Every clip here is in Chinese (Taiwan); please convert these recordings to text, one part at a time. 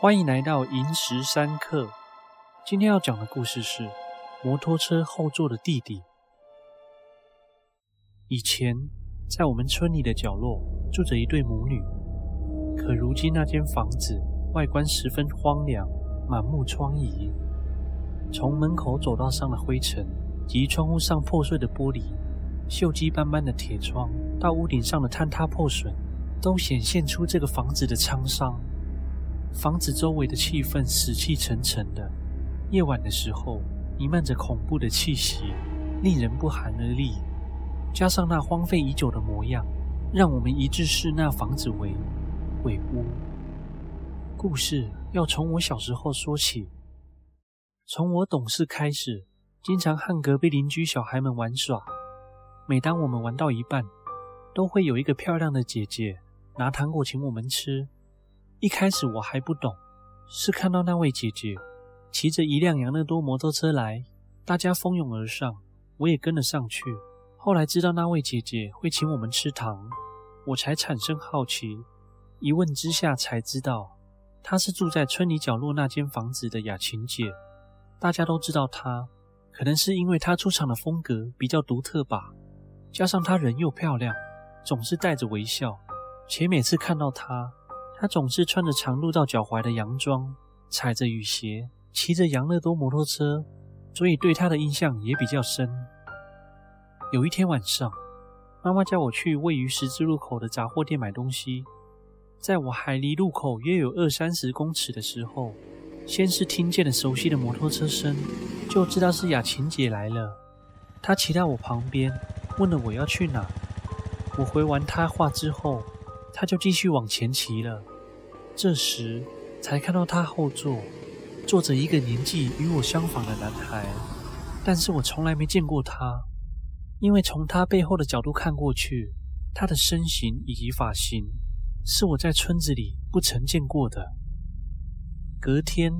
歡迎來到《螢石三刻》。今天要講的故事是《摩托車後座的弟弟》。以前，在我們村裡的角落住着一對母女，可如今那間房子外觀十分荒涼，滿目瘡痍。從門口走道上的灰塵，及窗戶上破碎的玻璃、鏽跡斑斑的鐵窗，到屋頂上的坍塌破損，都顯現出這個房子的滄桑。房子周圍的氣氛死氣沉沉的，夜晚的時候彌漫着恐怖的氣息，令人不寒而栗。加上那荒廢已久的模樣，讓我們一致視那房子為鬼屋。故事要從我小時候說起，從我懂事開始，經常和隔壁鄰居小孩們玩耍。每當我們玩到一半，都會有一個漂亮的姐姐拿糖果請我們吃。一開始我還不懂，是看到那位姐姐騎着一輛養樂多摩托車來，大家蜂擁而上，我也跟了上去。後來知道那位姐姐會請我們吃糖，我才產生好奇。一問之下才知道，她是住在村裡角落那間房子的雅琴姐。大家都知道她，可能是因為她出場的風格比較獨特吧，加上她人又漂亮，總是帶着微笑，且每次看到她。他總是穿着長露到腳踝的洋裝，踩着雨鞋，騎着養樂多摩托車，所以對他的印象也比較深。有一天晚上，媽媽叫我去位於十字路口的雜貨店買東西。在我還離路口約有二三十公尺的時候，先是聽見了熟悉的摩托車聲，就知道是雅琴姐來了。她騎到我旁邊，問了我要去哪。我回完她話之後，他就繼續往前騎了。這時才看到他後座坐着一個年紀與我相仿的男孩，但是我從來沒見過他，因為從他背後的角度看過去，他的身形以及髮型是我在村子裡不曾見過的。隔天，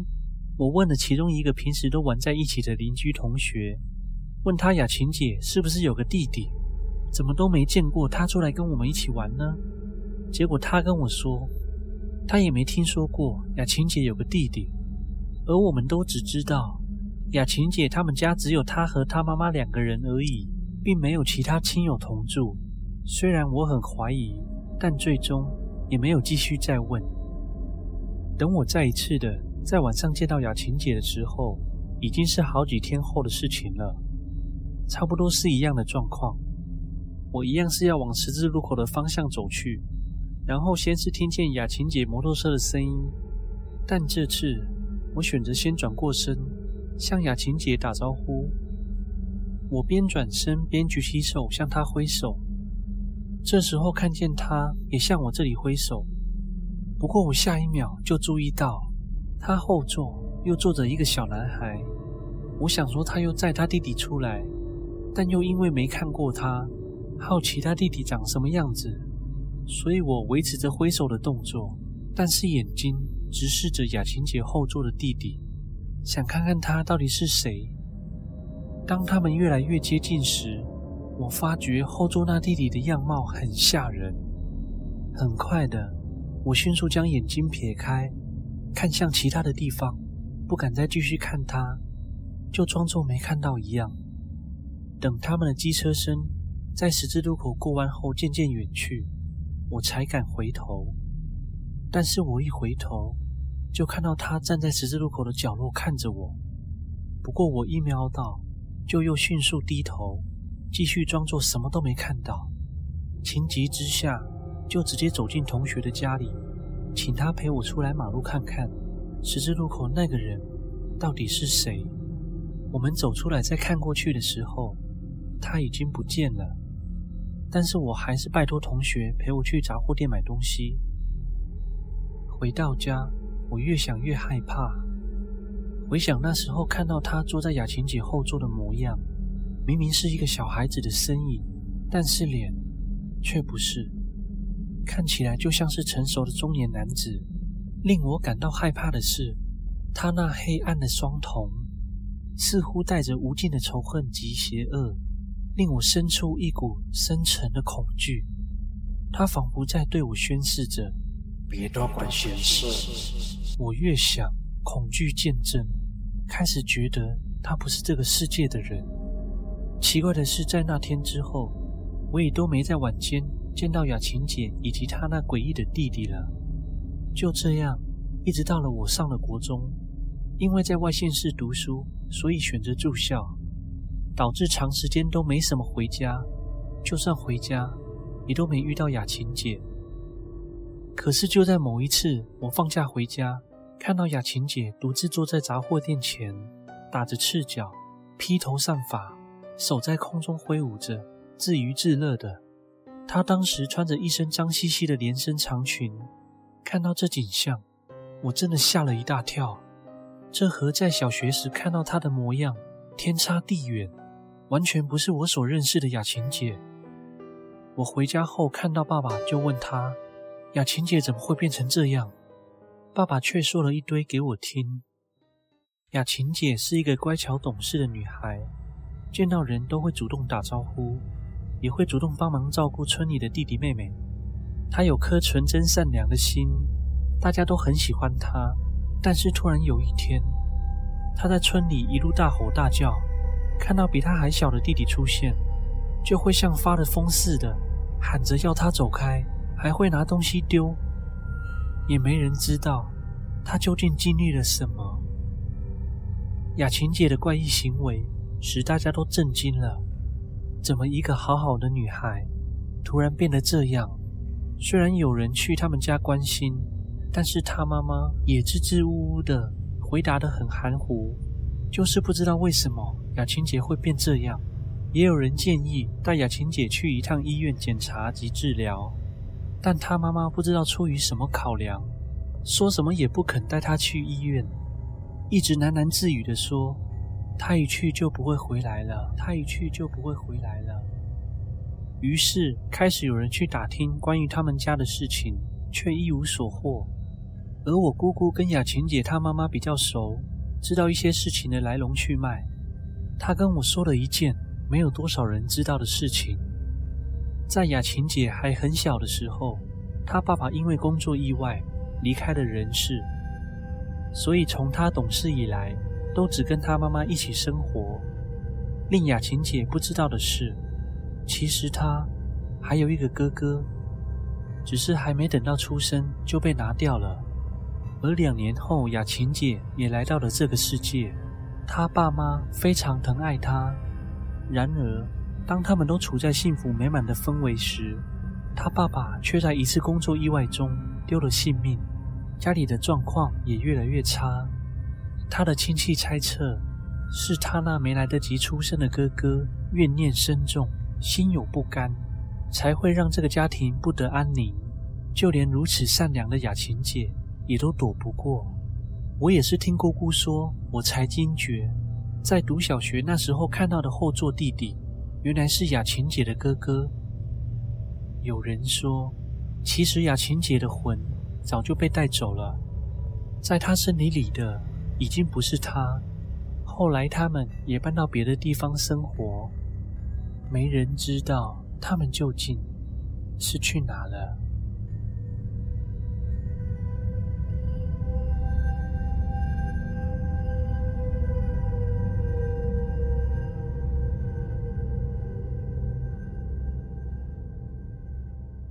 我問了其中一個平時都玩在一起的鄰居同學，問他雅琴姐是不是有個弟弟？怎麼都沒見過他出來跟我們一起玩呢？結果他跟我說，他也沒聽說過雅琴姐有個弟弟，而我們都只知道雅琴姐他們家只有他和他媽媽兩個人而已，並沒有其他親友同住。雖然我很懷疑，但最終也沒有繼續再問。等我再一次的在晚上見到雅琴姐的時候，已經是好幾天後的事情了，差不多是一樣的狀況。我一樣是要往十字路口的方向走去。然後先是聽見雅琴姐摩托車的聲音，但這次我選擇先轉過身向雅琴姐打招呼。我邊轉身邊舉起手向她揮手，這時候看見她也向我這裡揮手。不過我下一秒就注意到，她後座又坐着一個小男孩。我想說他又載他弟弟出來，但又因為沒看過他，好奇他弟弟長什麼樣子。所以我維持着揮手的動作，但是眼睛直視着雅琴姐後座的弟弟，想看看他到底是誰。當他們越來越接近時，我發覺後座那弟弟的樣貌很嚇人。很快的，我迅速將眼睛撇開，看向其他的地方，不敢再繼續看他，就裝作沒看到一樣。等他們的機車聲在十字路口過彎後漸漸遠去。我才敢回頭，但是我一回頭，就看到他站在十字路口的角落看着我。不過我一瞄到，就又迅速低頭，繼續裝作什麼都沒看到。情急之下，就直接走進同學的家裡，請他陪我出來馬路看看，十字路口那個人到底是誰？我們走出來再看過去的時候，他已經不見了。但是我還是拜托同學陪我去雜貨店買東西。回到家，我越想越害怕。回想那時候看到他坐在雅琴姐後座的模樣，明明是一個小孩子的身影，但是臉卻不是，看起來就像是成熟的中年男子。令我感到害怕的是，他那黑暗的雙瞳，似乎帶着無盡的仇恨及邪惡。令我生出一股深沉的恐懼，他仿佛在對我宣示着：“別多管閒事。”我越想，恐懼漸增，開始覺得他不是這個世界的人。奇怪的是，在那天之後，我也都沒在晚間見到雅琴姐以及她那詭異的弟弟了。就這樣，一直到了我上了國中，因為在外縣市讀書，所以選擇住校。導致長時間都沒什麼回家，就算回家，也都沒遇到雅琴姐。可是就在某一次，我放假回家，看到雅琴姐獨自坐在雜貨店前，打着赤腳，披頭散髮，手在空中揮舞着，自娛自樂的。她當時穿着一身髒兮兮的連身長裙，看到這景象，我真的嚇了一大跳。這和在小學時看到她的模樣天差地遠。完全不是我所認識的雅琴姐。我回家後看到爸爸，就問他：“雅琴姐怎麼會變成這樣？”爸爸卻說了一堆給我聽。雅琴姐是一個乖巧懂事的女孩，見到人都會主動打招呼，也會主動幫忙照顧村裡的弟弟妹妹。她有顆純真善良的心，大家都很喜歡她。但是突然有一天，她在村裡一路大吼大叫。看到比他還小的弟弟出現，就會像發了瘋似的喊着要他走開，還會拿東西丟。也沒人知道他究竟經歷了什麼。雅琴姐的怪異行為使大家都震驚了。怎麼一個好好的女孩，突然變得這樣？雖然有人去他們家關心，但是她媽媽也支支吾吾的回答得很含糊，就是不知道為什麼。雅琴姐會變這樣，也有人建議帶雅琴姐去一趟醫院檢查及治療，但她媽媽不知道出於什麼考量，說什麼也不肯帶她去醫院，一直喃喃自語地說：“她一去就不會回來了，她一去就不會回來了。”於是開始有人去打聽關於他們家的事情，卻一無所獲。而我姑姑跟雅琴姐她媽媽比較熟，知道一些事情的來龍去脈。他跟我說了一件沒有多少人知道的事情，在雅琴姐還很小的時候，她爸爸因為工作意外離開了人世，所以從她懂事以來，都只跟她媽媽一起生活。令雅琴姐不知道的是，其實她還有一個哥哥，只是還沒等到出生就被拿掉了。而兩年後，雅琴姐也來到了這個世界。他爸媽非常疼愛他，然而，當他們都處在幸福美滿的氛圍時，他爸爸卻在一次工作意外中丟了性命，家裡的狀況也越來越差。他的親戚猜測，是他那沒來得及出生的哥哥怨念深重，心有不甘，才會讓這個家庭不得安寧。就連如此善良的雅琴姐，也都躲不過。我也是聽姑姑說，我才驚覺，在讀小學那時候看到的後座弟弟，原來是雅琴姐的哥哥。有人說，其實雅琴姐的魂早就被帶走了，在她身體裡的已經不是她。後來他們也搬到別的地方生活，沒人知道他們究竟是去哪了。